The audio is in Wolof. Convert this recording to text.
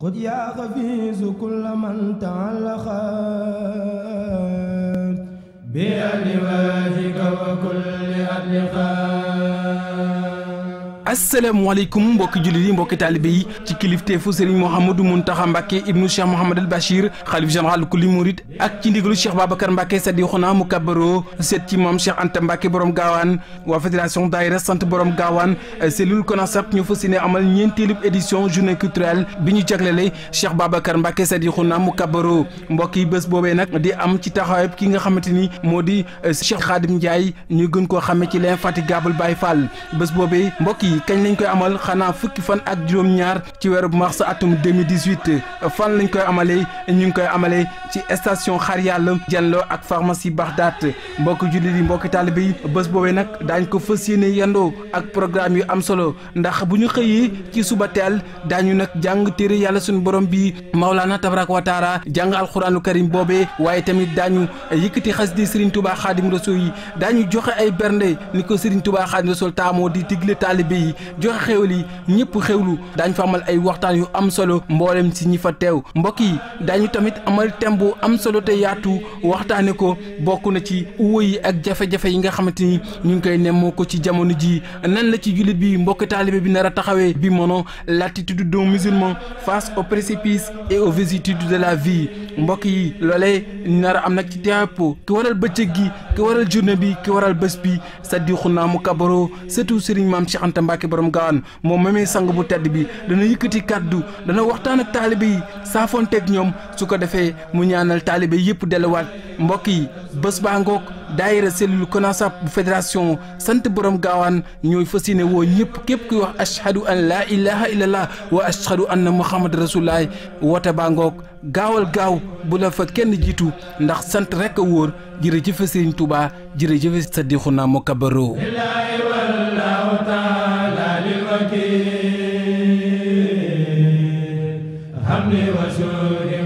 قد يا خفيز كل من تعلق بألواهك وكل أدلقاء asalaamaaleykum mbokki jullit yi mbokki taalibe yi ci kilifteefu Serigne Mouhamadou Mountakha Mbacké ibnu Cheikh Mouhamadul Bachir xalif général kulli murid ak ci ndigalu Cheikh Babacar Mbacké Sadikhouna mu kabaro seet ci moom Cheikh Anta Mbacké borom gaawaan waa fédération daayira sant borom gaawaan cellule CONACAP ñu fas ne amal ñeenteelu édition journée culturelle bi ñu jaglele Cheikh Babacar Mbacké Sadikhouna mu kabaro mbokk yi bés boobee nag di am ci taxawaay ki nga xamante ni moo di Cheikh Ndiaye ñu gën koo xamee ci l'infatigable Baye Fall bés boobee mbokk yi gi kañ lañ koy amal xanaa fukki fan ak juróom-ñaar ci weeru mars atum 2018 fan lañ koy amalee ñu ngi koy amale ci station xar yàlla janloo ak pharmacie Baxdaat mbokk julli yi mbokk taalibe yi bés boobee nag daañ ko fës yéene yendoo ak programme yu am solo ndax bu ñu xëyee ci suba teel daañu nag jàng téere yàlla suñu borom bi Maulana Tabarak wa Taala jàng alxuraanu karim boobe waaye tamit daañu yëkkati xas di Serigne Touba Xaadim Rasul yi daañu joxe ay bernde ni ko Serigne Touba Xaadim Rasul taamoo di digle taalibe yi yi joxe xéwal yi ñëpp xéwlu daañu fa amal ay waxtaan yu am solo mboolem si ñi fa teew mbokk yi daañu tamit amal thème bu am solo te yaatu waxtaane ko bokk na ci uwo yi ak jafe-jafe yi nga xamante ni ñu ngi koy nemmoo ko ci jamono ji nan la ci jullit bi mbokk taalibe bi nara taxawee bi mono l'attitude d'un musulman face au précipice et aux vicissitudes de la vie mbokk yi loolee nar a am nag ci tepp ki waral bëccëg gi ki waral journée bi ki waral bés bi Sadikhouna Mou Kabaro surtout Serigne Mbàkke borom gaawaan moom ma muy sang bu tedd bi dana yëkkati kàddu dana waxtaan ak taalibe yi saafonteeg ñoom su ko defee mu ñaanal taalibe yëpp delluwaat mbokk yi bés baa ngoog daayira cellule CONASAP bu fédération sant borom gaawaan ñooy fas yéene woo ñëpp képp kuy wax ashhadu an laa ilaha illallah wa ashhadu anna muhammad rasulullah woote baa ngoog gaawal gaaw bu la fa kenn jiitu ndax sant rek a wóor jërëjëf Sëriñ Tuubaa jërëjëf Sadixuna Mukabaro hamdi wa shukri